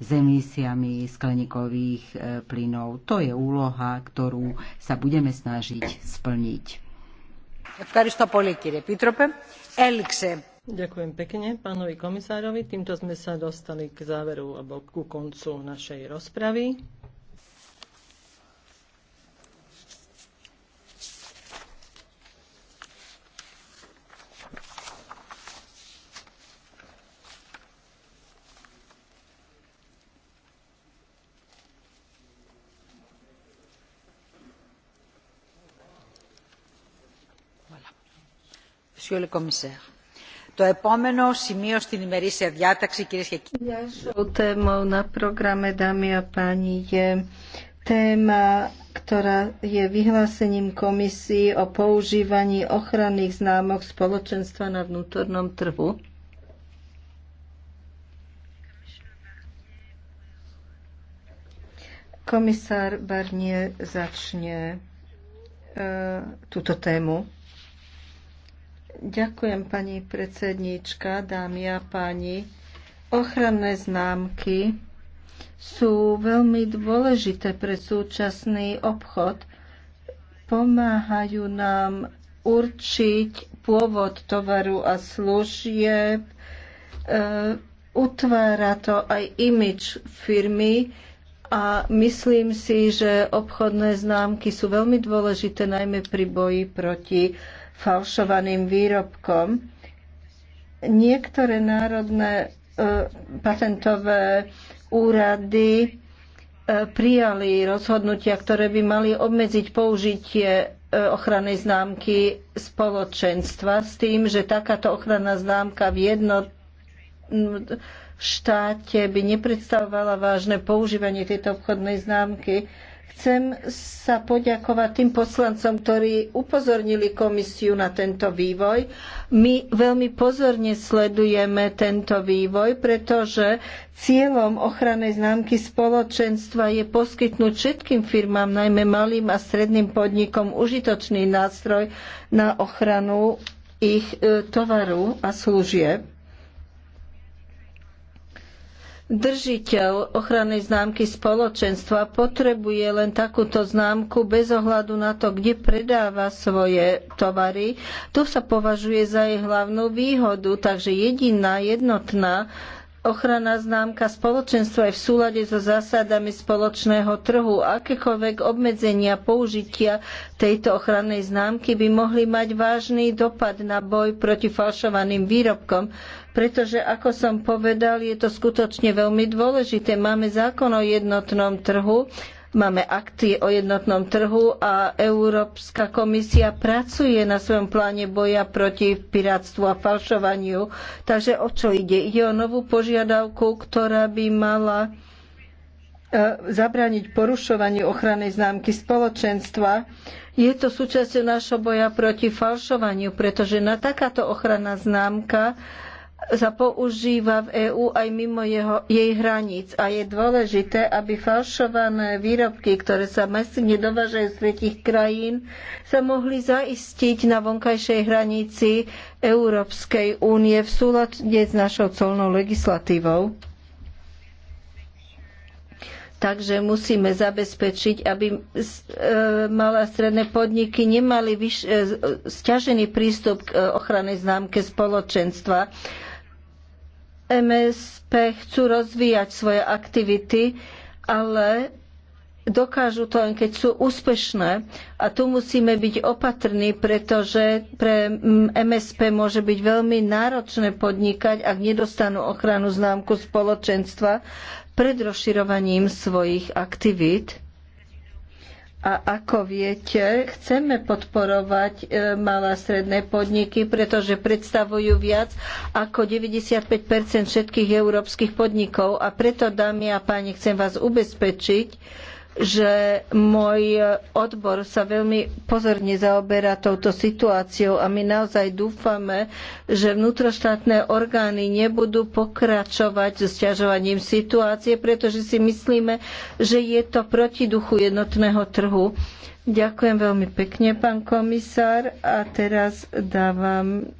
s emisiami skleníkových e, plynov. To je úloha, ktorú sa budeme snažiť splniť. Ďakujem pekne pánovi komisárovi. Týmto sme sa dostali k záveru alebo ku koncu našej rozpravy. Ďalšou témou na programe, dámy a páni, je téma, ktorá je vyhlásením komisie o používaní ochranných známok spoločenstva na vnútornom trhu. Komisár Barnier začne túto tému. Ďakujem, pani predsedníčka, dámy a páni. Ochranné známky sú veľmi dôležité pre súčasný obchod. Pomáhajú nám určiť pôvod tovaru a služieb. E, utvára to aj imič firmy a myslím si, že obchodné známky sú veľmi dôležité najmä pri boji proti falšovaným výrobkom. Niektoré národné e, patentové úrady e, prijali rozhodnutia, ktoré by mali obmedziť použitie e, ochrany známky spoločenstva s tým, že takáto ochranná známka v jednom štáte by nepredstavovala vážne používanie tejto obchodnej známky. Chcem sa poďakovať tým poslancom, ktorí upozornili komisiu na tento vývoj. My veľmi pozorne sledujeme tento vývoj, pretože cieľom ochrannej známky spoločenstva je poskytnúť všetkým firmám, najmä malým a stredným podnikom, užitočný nástroj na ochranu ich e, tovaru a služieb. Držiteľ ochrannej známky spoločenstva potrebuje len takúto známku bez ohľadu na to, kde predáva svoje tovary. To sa považuje za jej hlavnú výhodu, takže jediná, jednotná Ochrana známka spoločenstva je v súlade so zásadami spoločného trhu. Akékoľvek obmedzenia použitia tejto ochrannej známky by mohli mať vážny dopad na boj proti falšovaným výrobkom pretože ako som povedal, je to skutočne veľmi dôležité. Máme zákon o jednotnom trhu, máme akty o jednotnom trhu a Európska komisia pracuje na svojom pláne boja proti pirátstvu a falšovaniu. Takže o čo ide? Ide o novú požiadavku, ktorá by mala e, zabrániť porušovaniu ochrannej známky spoločenstva. Je to súčasťou nášho boja proti falšovaniu, pretože na takáto ochranná známka sa používa v EÚ aj mimo jeho, jej hraníc a je dôležité, aby falšované výrobky, ktoré sa masívne dovážajú z tretich krajín, sa mohli zaistiť na vonkajšej hranici Európskej únie v súlade s našou colnou legislatívou. Takže musíme zabezpečiť, aby e, malé a stredné podniky nemali vyš, e, e, sťažený prístup k ochrannej známke spoločenstva MSP chcú rozvíjať svoje aktivity, ale dokážu to len keď sú úspešné. A tu musíme byť opatrní, pretože pre MSP môže byť veľmi náročné podnikať, ak nedostanú ochranu známku spoločenstva pred rozširovaním svojich aktivít. A ako viete, chceme podporovať e, malé a stredné podniky, pretože predstavujú viac ako 95 všetkých európskych podnikov. A preto, dámy a páni, chcem vás ubezpečiť, že môj odbor sa veľmi pozorne zaoberá touto situáciou a my naozaj dúfame, že vnútroštátne orgány nebudú pokračovať s ťažovaním situácie, pretože si myslíme, že je to proti duchu jednotného trhu. Ďakujem veľmi pekne, pán komisár. A teraz dávam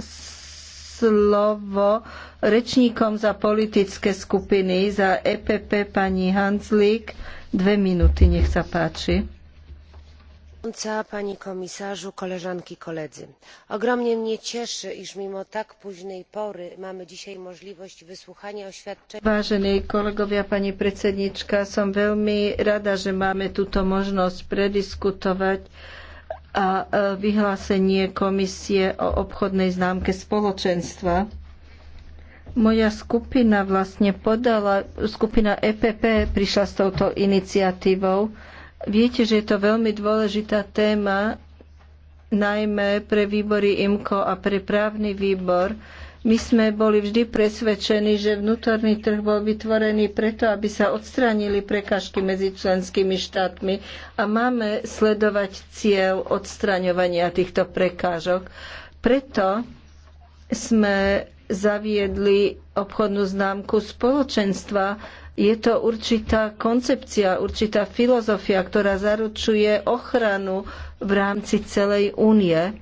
slovo rečníkom za politické skupiny, za EPP pani Hanslík. Dve nech sa páči pani komisarzu koleżanki koledzy! ogromnie mnie cieszy iż mimo tak późnej pory mamy dzisiaj możliwość wysłuchania oświadczenia. vážení kolegovia pani predsedníčka som veľmi rada že máme túto možnosť prediskutovať a e, vyhlásenie komisie o obchodnej známke spoločenstva. Moja skupina vlastne podala, skupina EPP prišla s touto iniciatívou. Viete, že je to veľmi dôležitá téma, najmä pre výbory IMKO a pre právny výbor. My sme boli vždy presvedčení, že vnútorný trh bol vytvorený preto, aby sa odstránili prekažky medzi členskými štátmi a máme sledovať cieľ odstraňovania týchto prekážok. Preto sme zaviedli obchodnú známku spoločenstva. Je to určitá koncepcia, určitá filozofia, ktorá zaručuje ochranu v rámci celej únie.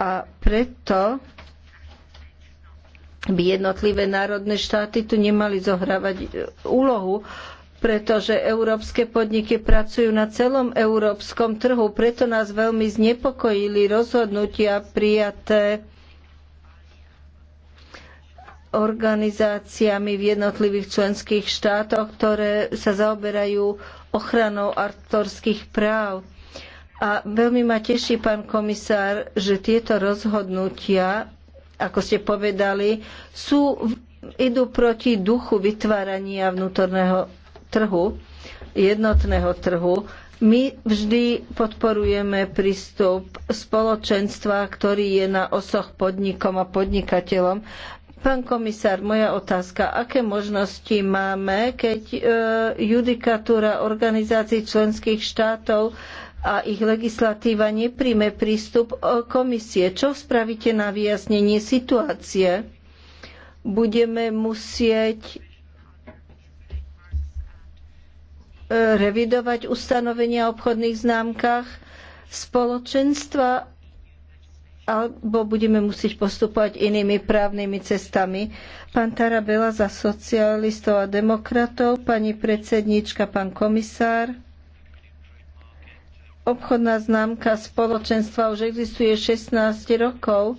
A preto by jednotlivé národné štáty tu nemali zohrávať e, úlohu, pretože európske podniky pracujú na celom európskom trhu. Preto nás veľmi znepokojili rozhodnutia prijaté organizáciami v jednotlivých členských štátoch, ktoré sa zaoberajú ochranou autorských práv. A veľmi ma teší, pán komisár, že tieto rozhodnutia, ako ste povedali, sú, idú proti duchu vytvárania vnútorného trhu, jednotného trhu. My vždy podporujeme prístup spoločenstva, ktorý je na osoch podnikom a podnikateľom Pán komisár, moja otázka, aké možnosti máme, keď e, judikatúra organizácií členských štátov a ich legislatíva nepríjme prístup e, komisie? Čo spravíte na vyjasnenie situácie? Budeme musieť e, revidovať ustanovenia o obchodných známkach spoločenstva alebo budeme musieť postupovať inými právnymi cestami. Pán Tarabela za socialistov a demokratov, pani predsednička, pán komisár. Obchodná známka spoločenstva už existuje 16 rokov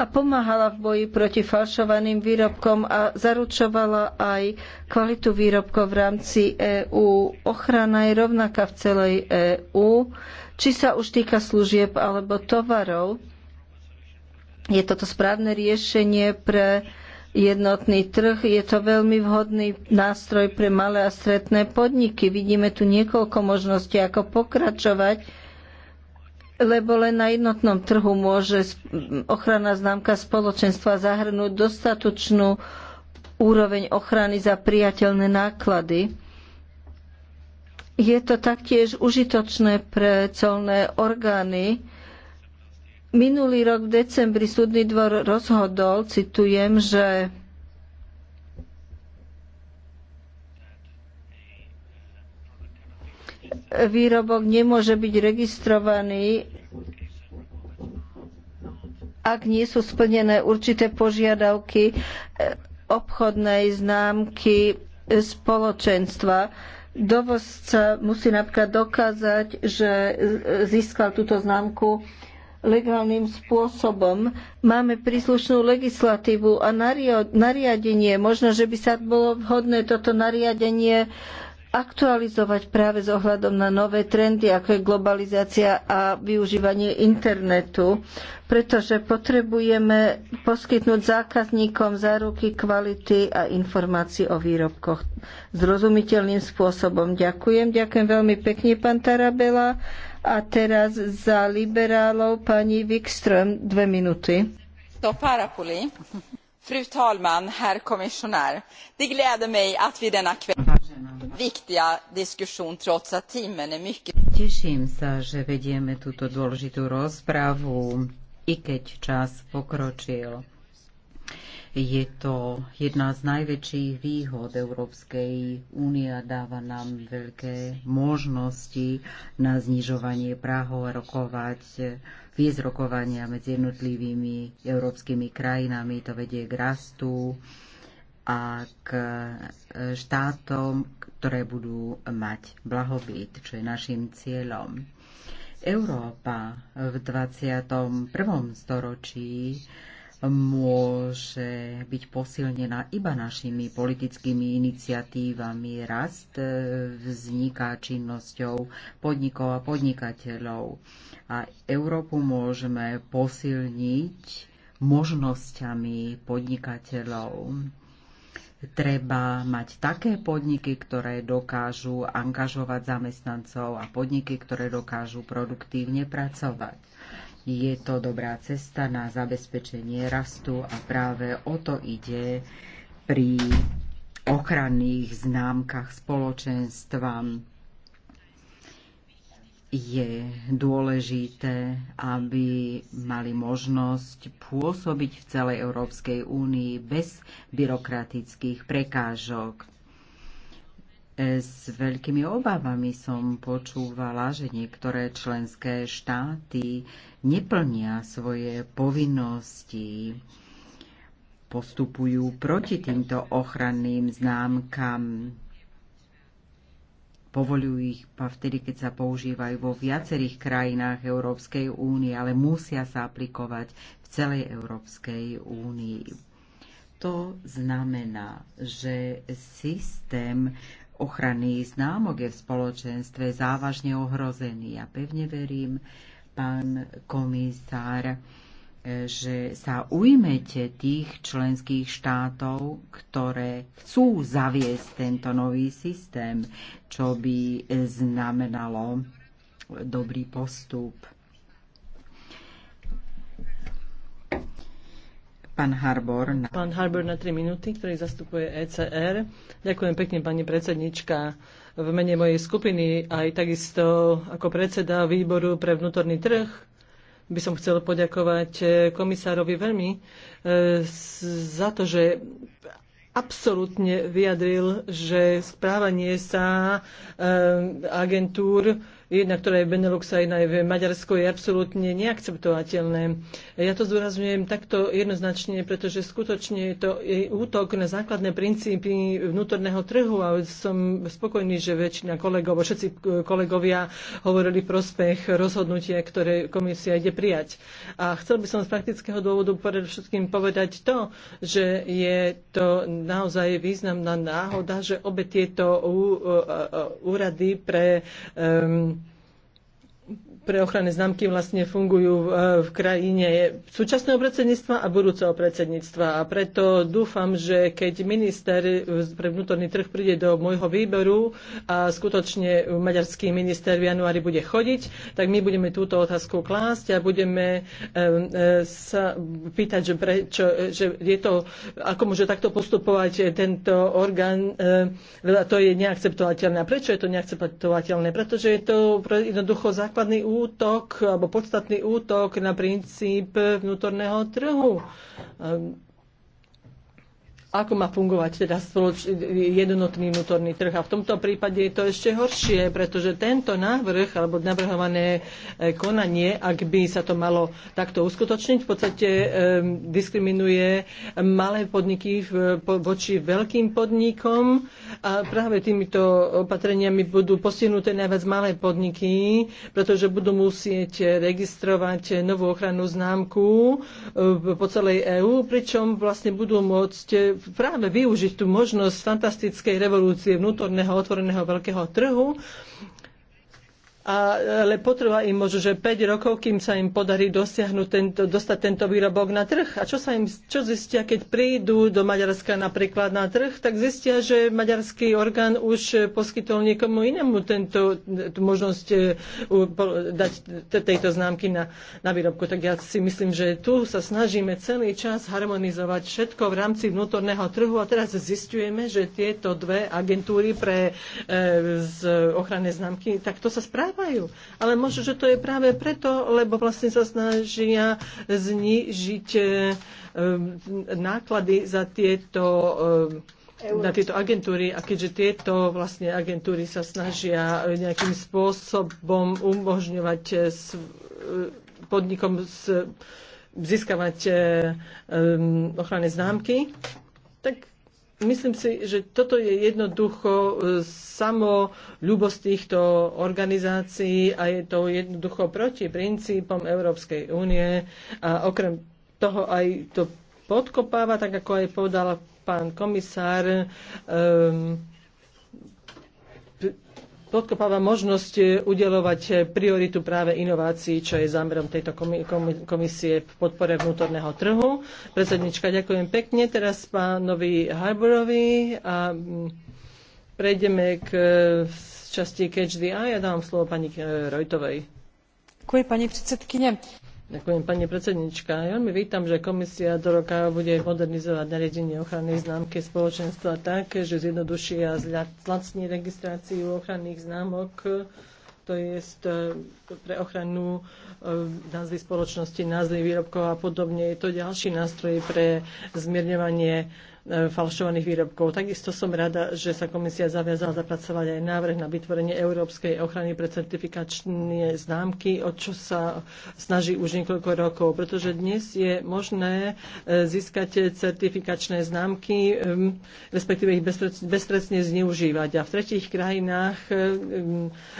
a pomáhala v boji proti falšovaným výrobkom a zaručovala aj kvalitu výrobkov v rámci EÚ. Ochrana je rovnaká v celej EÚ, či sa už týka služieb alebo tovarov je toto správne riešenie pre jednotný trh. Je to veľmi vhodný nástroj pre malé a stredné podniky. Vidíme tu niekoľko možností, ako pokračovať, lebo len na jednotnom trhu môže ochrana známka spoločenstva zahrnúť dostatočnú úroveň ochrany za priateľné náklady. Je to taktiež užitočné pre colné orgány, Minulý rok v decembri súdny dvor rozhodol, citujem, že výrobok nemôže byť registrovaný, ak nie sú splnené určité požiadavky e, obchodnej známky e, spoločenstva. Dovozca musí napríklad dokázať, že e, získal túto známku legálnym spôsobom. Máme príslušnú legislatívu a nariadenie. Možno, že by sa bolo vhodné toto nariadenie aktualizovať práve s ohľadom na nové trendy, ako je globalizácia a využívanie internetu, pretože potrebujeme poskytnúť zákazníkom záruky kvality a informácií o výrobkoch zrozumiteľným spôsobom. Ďakujem, ďakujem veľmi pekne, pán Tarabela. A teraz za liberálov pani Wikström dve minúty. Fru talman, herr kommissionär. Det gläder mig att vi denna kväll viktiga diskussion trots att timmen är mycket... Teším sa, že vedieme túto dôležitú rozpravu, i keď čas pokročil. Je to jedna z najväčších výhod Európskej únie a dáva nám veľké možnosti na znižovanie práhov a rokovať viesť rokovania medzi jednotlivými európskymi krajinami. To vedie k rastu a k e, štátom, ktoré budú mať blahobyt, čo je našim cieľom. Európa v 21. storočí môže byť posilnená iba našimi politickými iniciatívami. Rast e, vzniká činnosťou podnikov a podnikateľov. A Európu môžeme posilniť možnosťami podnikateľov. Treba mať také podniky, ktoré dokážu angažovať zamestnancov a podniky, ktoré dokážu produktívne pracovať. Je to dobrá cesta na zabezpečenie rastu a práve o to ide pri ochranných známkach spoločenstva je dôležité, aby mali možnosť pôsobiť v celej Európskej únii bez byrokratických prekážok. S veľkými obavami som počúvala, že niektoré členské štáty neplnia svoje povinnosti, postupujú proti týmto ochranným známkam, povolujú ich vtedy, keď sa používajú vo viacerých krajinách Európskej únie, ale musia sa aplikovať v celej Európskej únii. To znamená, že systém ochranný známok je v spoločenstve závažne ohrozený. Ja pevne verím, pán komisár, že sa ujmete tých členských štátov, ktoré chcú zaviesť tento nový systém, čo by znamenalo dobrý postup Pán Harbor. Na... Pán Harbor na 3 minúty, ktorý zastupuje ECR. Ďakujem pekne, pani predsednička. V mene mojej skupiny aj takisto ako predseda výboru pre vnútorný trh by som chcel poďakovať e, komisárovi veľmi e, za to, že absolútne vyjadril, že správanie sa e, agentúr jedna, ktorá je Benelux a jedna je v Maďarsku, je absolútne neakceptovateľné. Ja to zdôrazňujem takto jednoznačne, pretože skutočne je to je útok na základné princípy vnútorného trhu a som spokojný, že väčšina kolegov, všetci kolegovia hovorili prospech rozhodnutia, ktoré komisia ide prijať. A chcel by som z praktického dôvodu všetkým povedať to, že je to naozaj významná náhoda, že obe tieto úrady pre um, pre ochranné známky vlastne fungujú v krajine súčasného predsedníctva a budúceho predsedníctva. A preto dúfam, že keď minister eh, pre vnútorný trh príde do môjho výboru a skutočne maďarský minister v januári bude chodiť, tak my budeme túto otázku klásť a budeme eh, eh, sa pýtať, že, prečo, že je to, ako môže takto postupovať tento orgán, to je neakceptovateľné. A prečo je to neakceptovateľné? Pretože je to jednoducho základný útok alebo podstatný útok na princíp vnútorného trhu ako má fungovať teda jednotný vnútorný trh. A v tomto prípade je to ešte horšie, pretože tento návrh alebo navrhované e, konanie, ak by sa to malo takto uskutočniť, v podstate e, diskriminuje malé podniky voči veľkým podnikom a práve týmito opatreniami budú postihnuté najviac malé podniky, pretože budú musieť registrovať novú ochrannú známku e, po celej EÚ, pričom vlastne budú môcť práve využiť tú možnosť fantastickej revolúcie vnútorného otvoreného veľkého trhu a, ale potrvá im možno, že 5 rokov, kým sa im podarí dosiahnuť tento, dostať tento výrobok na trh. A čo sa im čo zistia, keď prídu do Maďarska napríklad na trh, tak zistia, že maďarský orgán už poskytol niekomu inému tento, možnosť e, dať tejto známky na, na výrobku. Tak ja si myslím, že tu sa snažíme celý čas harmonizovať všetko v rámci vnútorného trhu a teraz zistujeme, že tieto dve agentúry pre e, z ochranné známky, tak to sa správne dávajú. Ale možno, že to je práve preto, lebo vlastne sa snažia znižiť e, e, náklady za tieto e, na tieto agentúry a keďže tieto vlastne agentúry sa snažia nejakým spôsobom umožňovať podnikom získavať ochranné známky, tak Myslím si, že toto je jednoducho e, samo ľubosť týchto organizácií a je to jednoducho proti princípom Európskej únie a okrem toho aj to podkopáva, tak ako aj povedala pán komisár, um, podkopáva možnosť eh, udelovať eh, prioritu práve inovácií, čo je zámerom tejto komisie v podpore vnútorného trhu. Predsednička, ďakujem pekne. Teraz pánovi Harborovi a mm, prejdeme k eh, časti Catch the Eye a dám slovo pani Rojtovej. Ďakujem, pani predsedkyne Ďakujem, pani predsednička. Ja veľmi vítam, že komisia do roka bude modernizovať nariadenie ochrany známky spoločenstva tak, že zjednoduší a zlacní registráciu ochranných známok to je e, pre ochranu e, názvy spoločnosti, názvy výrobkov a podobne. Je to ďalší nástroj pre zmierňovanie E, falšovaných výrobkov. Takisto som rada, že sa komisia zaviazala zapracovať aj návrh na vytvorenie európskej ochrany pre certifikačné známky, o čo sa snaží už niekoľko rokov, pretože dnes je možné e, získať certifikačné známky, e, respektíve ich bezprecne zneužívať. A v tretích krajinách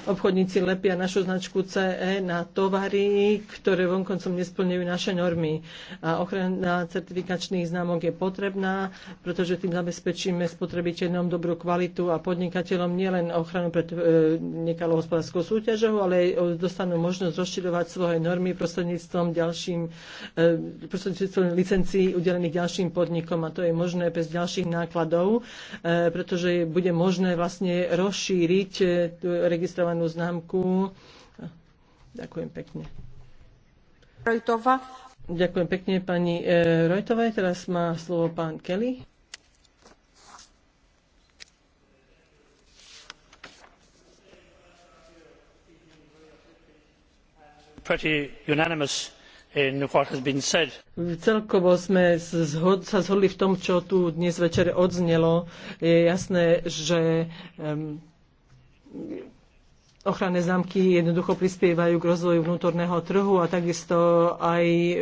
obchodníci lepia našu značku CE na tovary, ktoré vonkoncom nesplňujú naše normy. A ochrana certifikačných známok je potrebná pretože tým zabezpečíme spotrebiteľom dobrú kvalitu a podnikateľom nielen ochranu pred e, nekalou hospodárskou súťažou, ale aj dostanú možnosť rozširovať svoje normy prostredníctvom ďalším e, prostredníctvom licencií udelených ďalším podnikom a to je možné bez ďalších nákladov, e, pretože bude možné vlastne rozšíriť e, tú registrovanú známku. Ďakujem pekne. Ďakujem pekne pani e, Rojtovej. Teraz má slovo pán Kelly. pretty unanimous in what has been said. Celkovo sme zhod, sa zhodli v tom, čo tu dnes večer odznelo. Je jasné, že um, ochranné zámky jednoducho prispievajú k rozvoju vnútorného trhu a takisto aj ehm,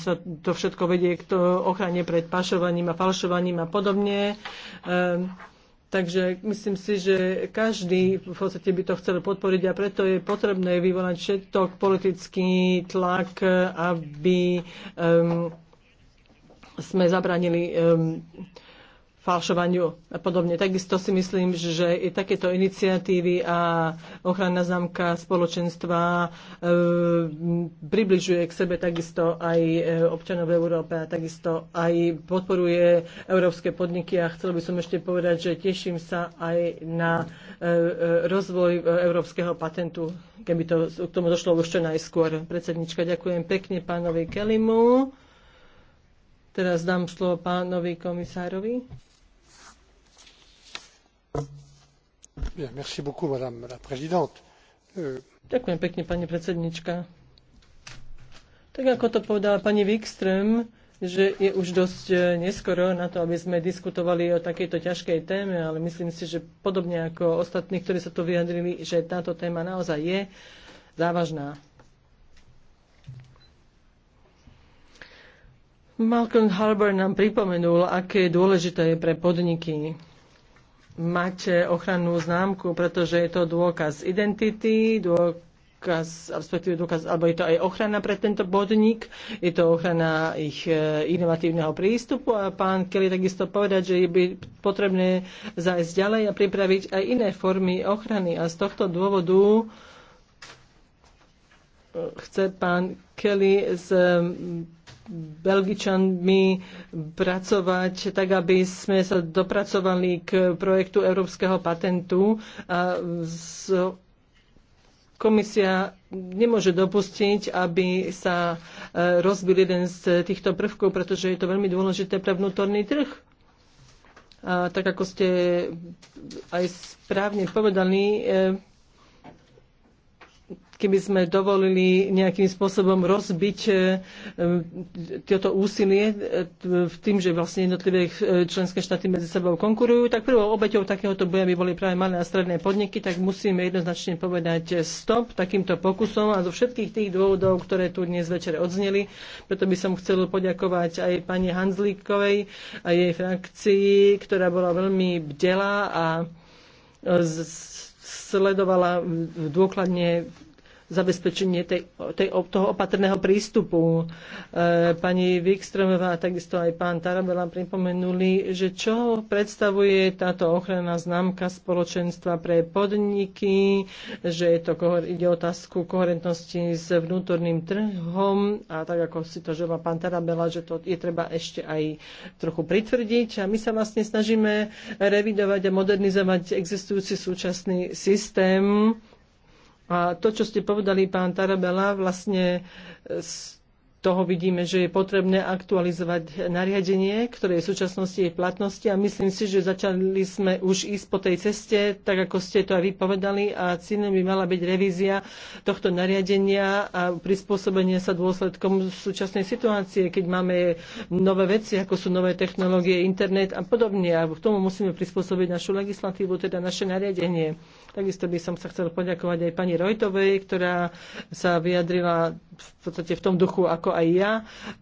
sa to všetko vedie k to ochrane pred pašovaním a falšovaním a podobne. Ehm, takže myslím si, že každý v podstate by to chcel podporiť a preto je potrebné vyvolať všetok politický tlak, aby ehm, sme zabranili um, falšovaniu a podobne. Takisto si myslím, že i takéto iniciatívy a ochranná známka spoločenstva e, približuje k sebe takisto aj eh, občanov v Európe a takisto aj podporuje európske podniky a chcel by som ešte povedať, že teším sa aj na e, rozvoj európskeho patentu, keby to k tomu došlo už čo najskôr. Predsednička, ďakujem pekne pánovi Kelimu. Teraz dám slovo pánovi komisárovi. Euh, Ďakujem pekne, pani predsednička. Tak ako to povedala pani Wikström, že je už dosť e, neskoro na to, aby sme diskutovali o takejto ťažkej téme, ale myslím si, že podobne ako ostatní, ktorí sa tu vyjadrili, že táto téma naozaj je závažná. Malcolm Harbour nám pripomenul, aké dôležité je pre podniky mať ochrannú známku, pretože je to dôkaz identity, dôkaz, respektíve dôkaz, alebo je to aj ochrana pre tento podnik, je to ochrana ich eh, inovatívneho prístupu a pán Kelly takisto povedať, že je by potrebné zájsť ďalej a pripraviť aj iné formy ochrany a z tohto dôvodu eh, chce pán Kelly z Belgičanmi pracovať, tak aby sme sa dopracovali k projektu Európskeho patentu. A z, komisia nemôže dopustiť, aby sa e, rozbil jeden z týchto prvkov, pretože je to veľmi dôležité pre vnútorný trh. A tak ako ste aj správne povedali, e, keby sme dovolili nejakým spôsobom rozbiť e, e, toto úsilie e, v tým, že vlastne jednotlivé členské štáty medzi sebou konkurujú, tak prvou obeťou takéhoto boja by boli práve malé a stredné podniky, tak musíme jednoznačne povedať stop takýmto pokusom a zo všetkých tých dôvodov, ktoré tu dnes večer odzneli. Preto by som chcel poďakovať aj pani Hanzlíkovej a jej frakcii, ktorá bola veľmi bdelá a sledovala dôkladne zabezpečenie tej, tej, toho opatrného prístupu. E, pani Vikstromová a takisto aj pán Tarabela pripomenuli, že čo predstavuje táto ochranná známka spoločenstva pre podniky, že je to, ide otázku koherentnosti s vnútorným trhom a tak ako si to žela pán Tarabela, že to je treba ešte aj trochu pritvrdiť a my sa vlastne snažíme revidovať a modernizovať existujúci súčasný systém a to, čo ste povedali, pán Tarabela, vlastne e, z toho vidíme, že je potrebné aktualizovať nariadenie, ktoré je v súčasnosti jej platnosti a myslím si, že začali sme už ísť po tej ceste, tak ako ste to aj vypovedali a cílem by mala byť revízia tohto nariadenia a prispôsobenie sa dôsledkom súčasnej situácie, keď máme nové veci, ako sú nové technológie, internet a podobne. A k tomu musíme prispôsobiť našu legislatívu, teda naše nariadenie. Takisto by som sa chcel poďakovať aj pani Rojtovej, ktorá sa vyjadrila v podstate v tom duchu ako aj ja,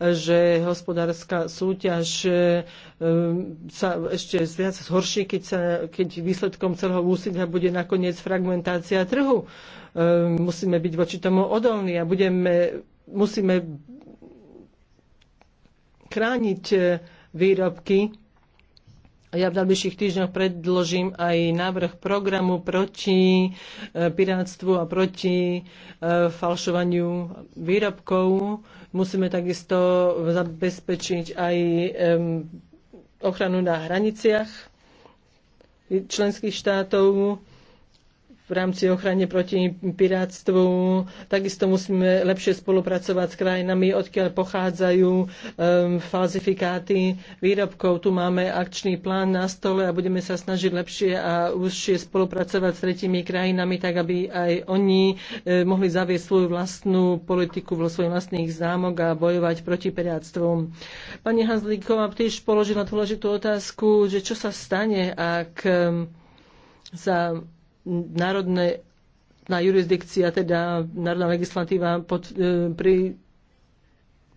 že hospodárska súťaž ehm, sa ešte viac zhorší, keď, sa, keď výsledkom celého úsilia bude nakoniec fragmentácia trhu. Ehm, musíme byť voči tomu odolní a budeme, musíme chrániť eh, výrobky ja v najbližších týždňoch predložím aj návrh programu proti e, pirátstvu a proti e, falšovaniu výrobkov. Musíme takisto zabezpečiť aj ochranu na hraniciach členských štátov v rámci ochrany proti pirátstvu. Takisto musíme lepšie spolupracovať s krajinami, odkiaľ pochádzajú um, falzifikáty výrobkov. Tu máme akčný plán na stole a budeme sa snažiť lepšie a užšie spolupracovať s tretími krajinami, tak aby aj oni e, mohli zaviesť svoju vlastnú politiku vo svojich vlastných zámok a bojovať proti pirátstvu. Pani Hanzlíková tiež položila dôležitú otázku, že čo sa stane, ak sa um, národné na jurisdikcia, teda národná legislatíva pod, e, pri,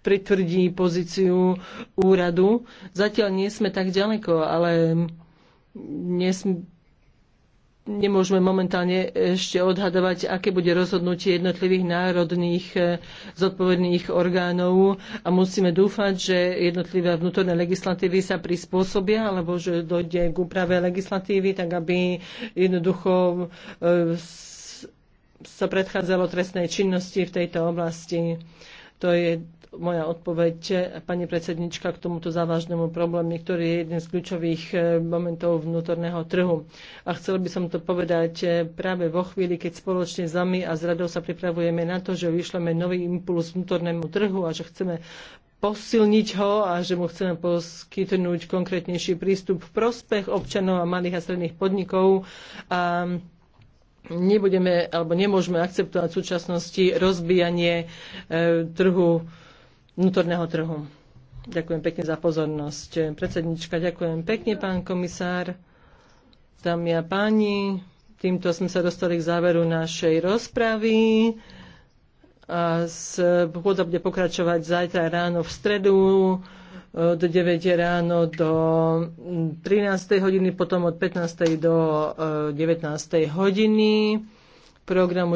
pritvrdí pozíciu úradu. Zatiaľ nie sme tak ďaleko, ale nie sme, nemôžeme momentálne ešte odhadovať, aké bude rozhodnutie jednotlivých národných eh, zodpovedných orgánov a musíme dúfať, že jednotlivé vnútorné legislatívy sa prispôsobia alebo že dojde k úprave legislatívy, tak aby jednoducho eh, sa predchádzalo trestnej činnosti v tejto oblasti. To je moja odpoveď, pani predsednička, k tomuto závažnému problému, ktorý je jeden z kľúčových eh, momentov vnútorného trhu. A chcel by som to povedať eh, práve vo chvíli, keď spoločne s vami a s radou sa pripravujeme na to, že vyšleme nový impuls vnútornému trhu a že chceme posilniť ho a že mu chceme poskytnúť konkrétnejší prístup v prospech občanov a malých a stredných podnikov. A nebudeme alebo nemôžeme akceptovať v súčasnosti rozbijanie e, eh, trhu vnútorného trhu. Ďakujem pekne za pozornosť. Predsednička, ďakujem pekne, pán komisár. Dámy a páni, týmto sme sa dostali k záveru našej rozpravy. A z, pôda bude pokračovať zajtra ráno v stredu od 9 ráno do 13. hodiny, potom od 15. do 19. Eh, hodiny. Program už